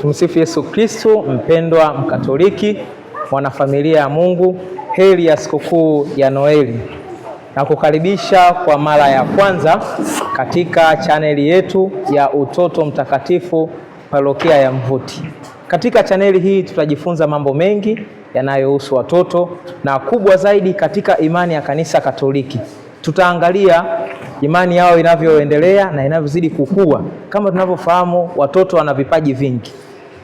Tumsifu Yesu Kristo. Mpendwa Mkatoliki, mwanafamilia ya Mungu, heri ya sikukuu ya Noeli na kukaribisha kwa mara ya kwanza katika chaneli yetu ya Utoto Mtakatifu Parokia ya Mvuti. Katika chaneli hii tutajifunza mambo mengi yanayohusu watoto na kubwa zaidi katika imani ya Kanisa Katoliki. Tutaangalia imani yao inavyoendelea na inavyozidi kukua. Kama tunavyofahamu, watoto wana vipaji vingi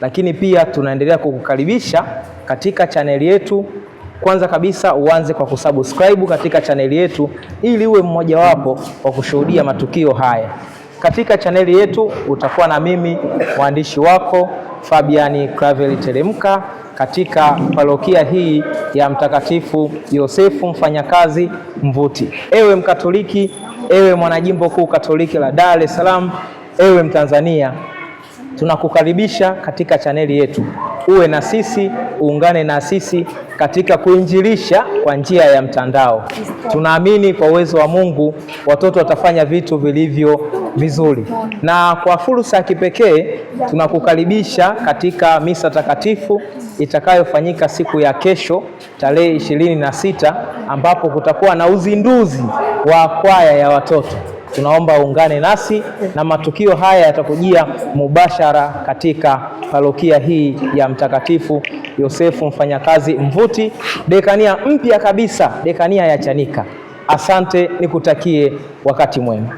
lakini pia tunaendelea kukukaribisha katika chaneli yetu. Kwanza kabisa uanze kwa kusubscribe katika chaneli yetu ili uwe mmojawapo wa kushuhudia matukio haya. Katika chaneli yetu utakuwa na mimi mwandishi wako Fabiani Claveli Teremka katika parokia hii ya Mtakatifu Yosefu Mfanyakazi Mvuti. Ewe Mkatoliki, ewe mwanajimbo kuu Katoliki la Dar es Salaam, ewe Mtanzania Tunakukaribisha katika chaneli yetu, uwe na sisi, uungane na sisi katika kuinjilisha kwa njia ya mtandao. Tunaamini kwa uwezo wa Mungu watoto watafanya vitu vilivyo vizuri, na kwa fursa ya kipekee tunakukaribisha katika misa takatifu itakayofanyika siku ya kesho tarehe ishirini na sita ambapo kutakuwa na uzinduzi wa kwaya ya watoto tunaomba uungane nasi na matukio haya yatakujia mubashara katika parokia hii ya Mtakatifu Yosefu Mfanyakazi Mvuti, dekania mpya kabisa, dekania ya Chanika. Asante, nikutakie wakati mwema.